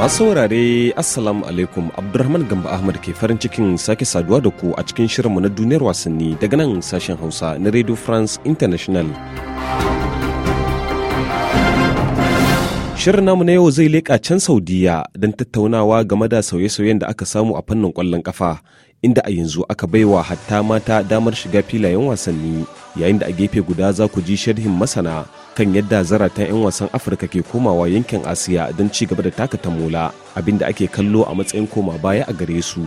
Masu wurare Assalamu alaikum Abdulrahman Gamba Ahmad ke farin cikin sake saduwa da ku a cikin shirinmu na duniyar wasanni daga nan sashen Hausa na Radio France International. Shirin namu na yau zai leƙa can Saudiya don tattaunawa game da sauye-sauyen da aka samu a fannin ƙwallon ƙafa, inda a yanzu aka baiwa hatta mata damar shiga filayen wasanni, yayin da a gefe guda za ku ji sharhin masana kan yadda zaratan 'yan wasan afirka ke komawa yankin asiya don ci gaba da taka tamula abinda ake kallo a matsayin koma baya a gare su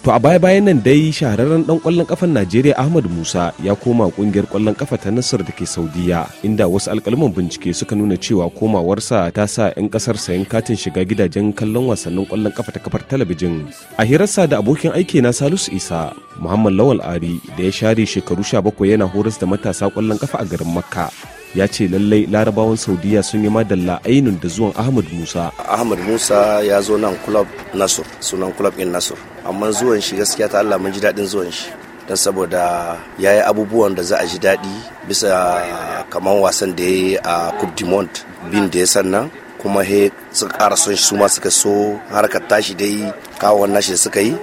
To a baya-bayan nan dai shahararren dan kwallon kafan Najeriya Ahmad Musa ya koma kungiyar kwallon kafa ta Nasar da ke Saudiya inda wasu alkalman bincike suka nuna cewa komawarsa ta sa 'yan kasar sayan katin shiga gidajen kallon wasannin kwallon kafa ta kafar talabijin. A hirarsa da abokin aiki na Salisu Isa, Muhammad Lawal Ari da ya share shekaru 17 yana horas da matasa kwallon kafa a garin Makka. ya ce lallai larabawan saudiya sun yi madalla ainun da zuwan ahmad musa ahmad musa ya zo nan club nasur sunan club in nasur amma zuwan shi gaskiya ta allah mun ji daɗin zuwan shi don saboda ya yi abubuwan da za a ji daɗi bisa kamar wasan da ya yi a coupe du monde bin da ya sannan kuma he suka ƙara son shi su suka so harkar tashi dai kawo wannan shi suka yi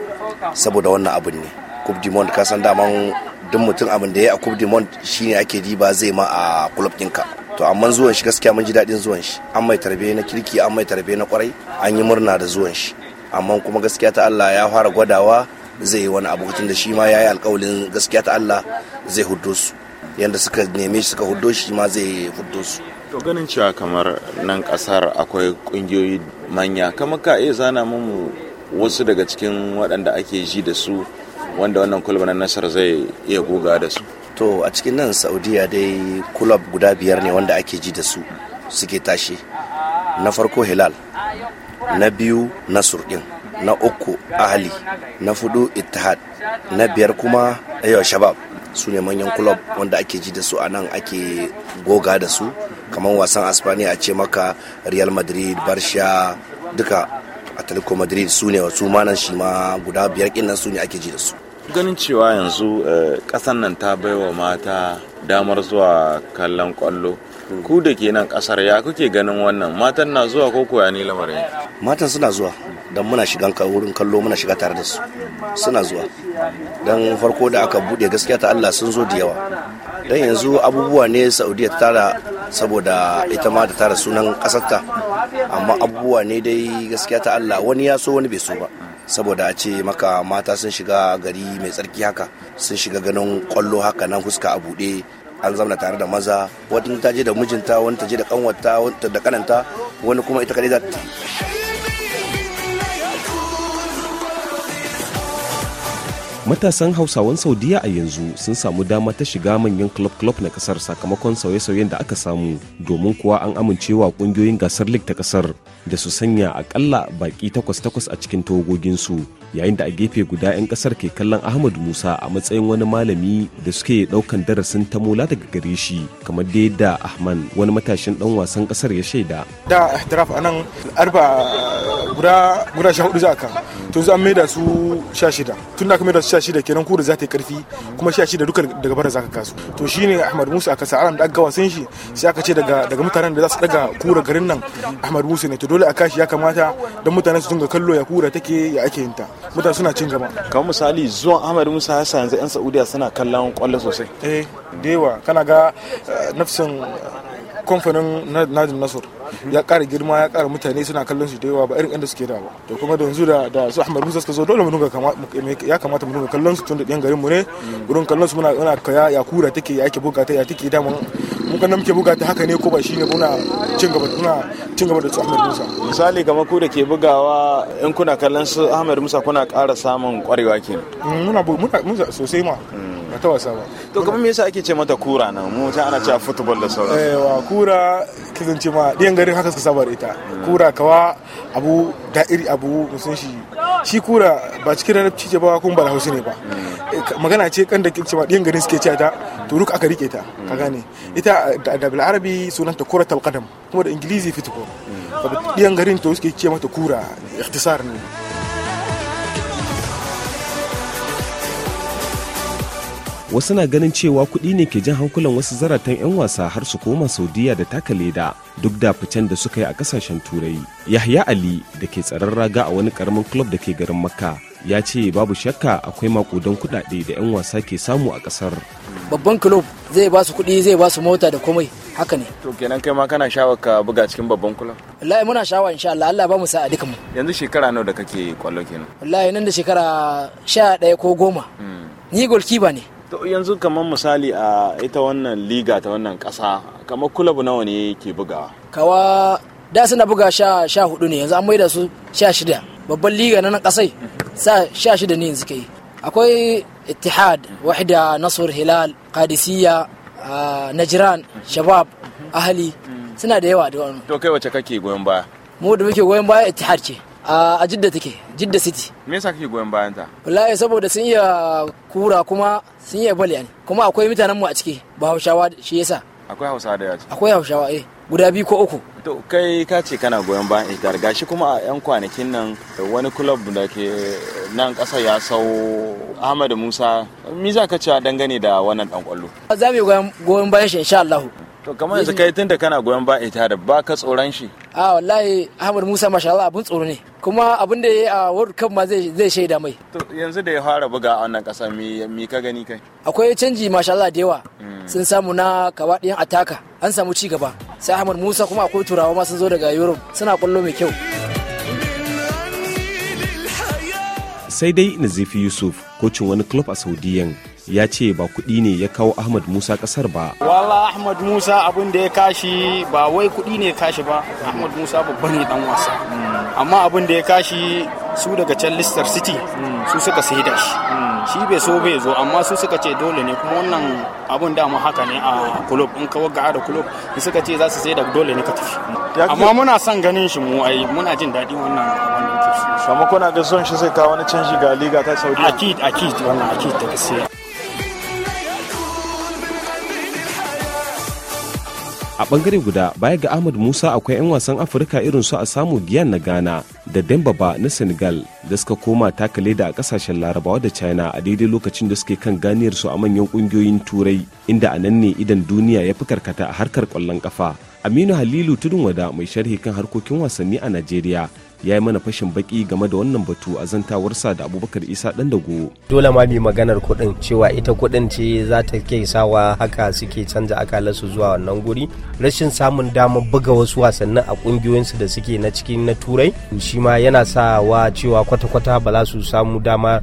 saboda wannan abun ne coupe du monde ka san daman duk mutum abin da ya yi a coupe du monde shine ake diba zai ma a club ɗinka to amma zuwan shi gaskiya mun ji daɗin zuwan shi an mai tarbe na kirki an mai tarbe na kwarai an yi murna da zuwan shi amma kuma gaskiya ta Allah ya fara gwadawa zai yi wani abokin da shi ma ya yi alkawalin gaskiya ta Allah zai huddo su yadda suka neme shi suka huddo shi ma zai huddo su to ganin cewa kamar nan kasar akwai kungiyoyi manya kamar ka iya zana mu wasu daga cikin waɗanda ake ji da su wanda wannan kulub na nasar zai iya guga da su to a cikin nan saudiya dai kulub guda biyar ne wanda ake ji da su suke tashi na farko hilal na biyu na surdin na uku ahali na fudu ittihad na biyar kuma ayyau eh, shabab su ne manyan kulob wanda ake ji da su a nan ake goga da su kamar wasan aspaniya a ce maka real madrid barsha duka atletico madrid su ne su ma nan shi ma guda biyar kin nan su ne ake ji da su ganin cewa yanzu kasan eh, nan ta baiwa mata damar zuwa kallon kwallo hmm. ku da ke nan kasar ya kuke ganin wannan matan na zuwa ko koya ne lamarin matan suna zuwa don muna shigan wurin kallo muna shiga tare da su suna zuwa dan farko da aka bude gaskiya ta Allah sun zo da yawa don yanzu abubuwa ne saudiya ta tara saboda ita ma ta tara sunan ƙasarta amma abubuwa ne dai gaskiya ta allah wani ya so wani bai so ba saboda a ce maka mata sun shiga gari mai tsarki haka sun shiga ganin kwallo haka nan huska a buɗe an zamana tare da maza wani ta je da mijinta wani ta je da kanwata wani da kananta wani kuma ita kadai za ta matasan hausawan saudiya a yanzu sun samu dama ta shiga manyan club-club na kasar sakamakon sauye-sauyen da aka samu domin kuwa an amincewa kungiyoyin gasar league ta kasar da su sanya akalla baki takwas-takwas a cikin tawagoginsu yayin da a gefe guda 'yan kasar ke kallon ahmad musa a matsayin wani malami da suke daukan darasin ta mula daga gare shi kamar da ahman wani matashin dan wasan kasar ya shaida da draft anan arba guda guda sha hudu za tun to an da su shida tun da aka da su shida kenan kura za ta yi karfi kuma shida duka daga bara za ka kasu to ne Ahmad Musa aka sa da aka wasan shi sai aka ce daga mutanen da za su daga kura garin nan Ahmad Musa ne to dole a kashi ya kamata don mutanen su dinga kallo ya kura take ya ake yinta mutane suna cin gaba kamar misali zuwan Ahmad Musa ya sa yanzu yan Saudiya suna kallon kwallo sosai eh da yawa kana ga eh, nafsin eh, kamfanin nadin Nasur ya kara girma ya kara mutane suna kallon su da yawa ba irin inda suke da ba to kuma da yanzu da su Ahmad Musa suka zo dole mu dinga ya kamata mu dinga kallon su tun da ɗan garin mu ne gurin kallon su muna muna kaya ya kura take ya ake buga ta ya take da mu mun kan muke buga ta haka ne ko ba shine muna cin gaba muna cin gaba da su Ahmad Musa misali kamar ku da ke bugawa in kuna kallon su Ahmad Musa kuna ƙara samun ƙwarewa kenan mm, muna muna sosai ma mm. ba ta wasa ba to kamar me yasa ake ce mata kura nan mu ta ana cewa football da sauransu eh wa kura zan ce ma ɗiyan garin haka suka saba ita kura kawa abu da'iri abu san shi shi kura ba cikin ranar cije ba kuma bala hausa ne ba eh, magana ce kan da ma ɗiyan garin suke cewa ta to ruk aka rike ta ka gane ita da bil arabi ta kura talqadam kuma da ingilizi fitko mm. ɗiyan garin to suke ce mata kura ikhtisar ne wasu na ganin cewa kuɗi ne ke jan hankulan wasu zaratan 'yan wasa har su koma saudiya da taka leda duk da ficen da suka yi a kasashen turai yahya ali da ke tsaron raga a wani karamin club da ke garin makka ya ce babu shakka akwai makudan kuɗaɗe da 'yan wasa ke samu a ƙasar babban club zai ba su kuɗi zai ba su mota da komai haka ne to kenan kai ma kana shawar ka buga cikin babban club wallahi muna shawa insha Allah Allah ba mu sa'a duka mu yanzu shekara nawa da kake kwallo kenan wallahi nan da shekara 11 ko 10 hmm. ni goalkeeper ne to yanzu kamar misali a ita wannan liga ta wannan kasa kamar kulabu nawa ne ke bugawa kawa da suna buga sha sha hudu ne yanzu an maida su sha shida babban liga na nan kasai sa sha shida ne yanzu kai akwai ittihad wahida nasur hilal qadisiyya najran shabab ahli suna da yawa da wani to kai wace kake goyon baya mu da muke goyon baya ittihad ce a jidda take jidda city me yasa kake goyon bayan ta wallahi saboda sun iya kura kuma sun iya bali ne kuma akwai mutanen mu a ciki ba haushawa shi yasa akwai hausawa da yaci? akwai hausawa eh guda biyu ko uku to kai ka ce kana goyon bayan ita? gashi kuma a yan kwanakin nan wani club da ke nan kasa ya sau ahmad musa me za ka ce dangane da wannan dan kwallo za mu goyon bayan shi insha Allah to kamar yanzu kai tunda kana goyon bayan ita da ba ka tsoron shi a wallahi ahmad musa masha Allah abun tsoro ne kuma abin da ya yi a world cup ma zai shaida mai yanzu da ya fara buga a wannan kasa mi ka gani kai akwai canji masha Allah da yawa hmm. sun samu na kawaɗiyan ataka an samu ci gaba sai Ahmad Musa kuma akwai turawa ma sun zo daga Europe suna kwallo mai kyau sai dai Nazifi Yusuf kocin wani club a Saudiyan ya ce ba kuɗi ne ya kawo ahmad musa ƙasar ba wala ahmad musa abin da ya kashi ba wai kuɗi ne ya kashi ba ahmad musa babba ne dan wasa hmm. amma abin da ya kashi su daga can listar city su suka saida shi shi bai so bai zo amma su suka ce dole ne kuma wannan abun dama haka ne a kulob in ka waga da kulob su suka ce za su saida dole ne ka tafi amma muna son ganin shi mu ai muna jin daɗi wannan abin da yake so amma kuna ga son shi sai ka wani canji ga liga ta saudi akid akid wannan akid da gaskiya a bangare guda baya ga ahmad musa akwai 'yan wasan afirka irin su a samu giyan na ghana da Demba ba na senegal da suka koma takale da a kasashen larabawa da china a daidai lokacin da suke kan ganiyar su a manyan kungiyoyin turai inda a nan ne idan duniya ya fi karkata a harkar kwallon kafa aminu halilu tudun wada mai sharhi kan harkokin wasanni a najeriya ya yi mana fashin baki game da wannan batu a zantawarsa da abubakar isa dan dago dole ma bi maganar kuɗin cewa ita kuɗin ce za ta ke sawa haka suke canza akalarsu zuwa wannan guri rashin samun damar buga wasu wasannin a ƙungiyoyinsu da suke na cikin na turai shi ma yana sawa cewa kwata-kwata ba za su samu dama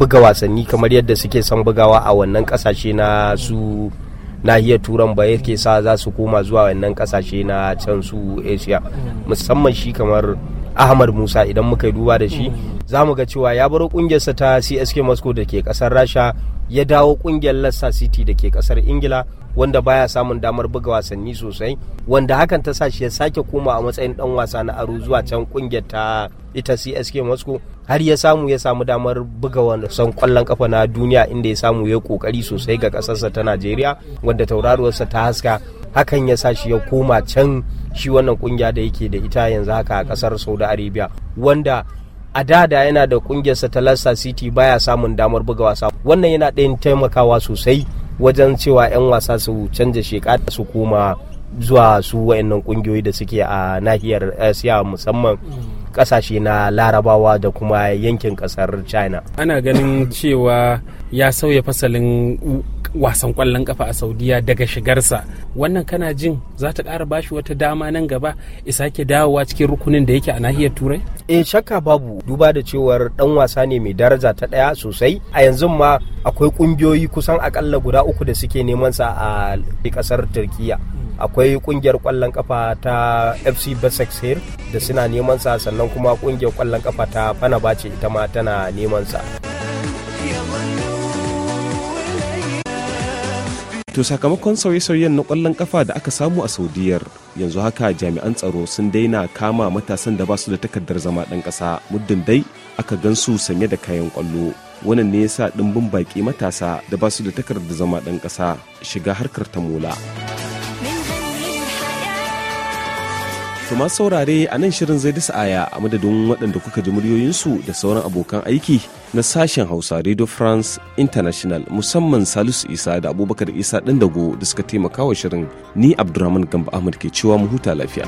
buga wasanni kamar yadda suke son bugawa a wannan kasashe na su nahiyar turan ba yake sa za su koma zuwa wannan kasashe na can su asia musamman shi kamar ahmad musa idan muka yi duba da shi mm. za mu ga cewa ya baro kungiyarsa ta csk moscow da ke kasar rasha ya dawo kungiyar Lassa city da ke kasar ingila wanda baya samun damar buga wasanni sosai wanda hakan ta sa shi ya sake koma a matsayin dan wasa na aro zuwa can kungiyar ta ita csk moscow har ya samu ya samu damar buga wasan kwallon kafa na duniya inda ya samu ya kokari sosai ga kasarsa ta najeriya wanda taurariwarsa ta haska hakan ya sa shi ya koma can shi wannan kungiya da yake da ita yanzu haka a kasar saudi arabia wanda a da da yana da kungiyarsa ta Leicester City baya samun damar buga wasa wannan yana da taimakawa sosai wajen cewa 'yan wasa su canza sheka su koma zuwa su wayannan kungiyoyi da suke a nahiyar Asiya musamman kasashe na larabawa da kuma yankin kasar china ana ganin cewa ya sauya fasalin wasan kwallon kafa a saudiya daga shigarsa wannan kana jin za ta ƙara bashi wata dama nan gaba isake ke dawowa cikin rukunin da yake a nahiyar turai eh shakka babu duba da cewar dan wasa ne mai daraja ta daya sosai a yanzu ma akwai kungiyoyi kusan akalla guda uku da suke neman sa a kasar turkiya akwai kungiyar kwallon kafa ta fc basaksehir da suna neman sa sannan kuma kungiyar kwallon kafa ta fanabace ita ma tana neman sa to sakamakon sauye-sauyen na kwallon kafa da aka samu a saudiyar yanzu haka jami'an tsaro sun daina kama matasan da ba su da takardar zama ɗan ƙasa muddin dai aka gan su sanye da kayan kwallo wannan ne yasa ɗimbin baƙi matasa da ba su da takardar zama ɗan ƙasa shiga harkar ta mola. To masu saurare a nan shirin zai dasa aya a madadin waɗanda kuka ji muryoyinsu da sauran abokan aiki na sashen Hausa Radio France International musamman Salisu Isa da Abubakar Isa ɗin da suka taimaka wa shirin ni Abdulrahman Gamba Ahmad ke cewa mu huta lafiya.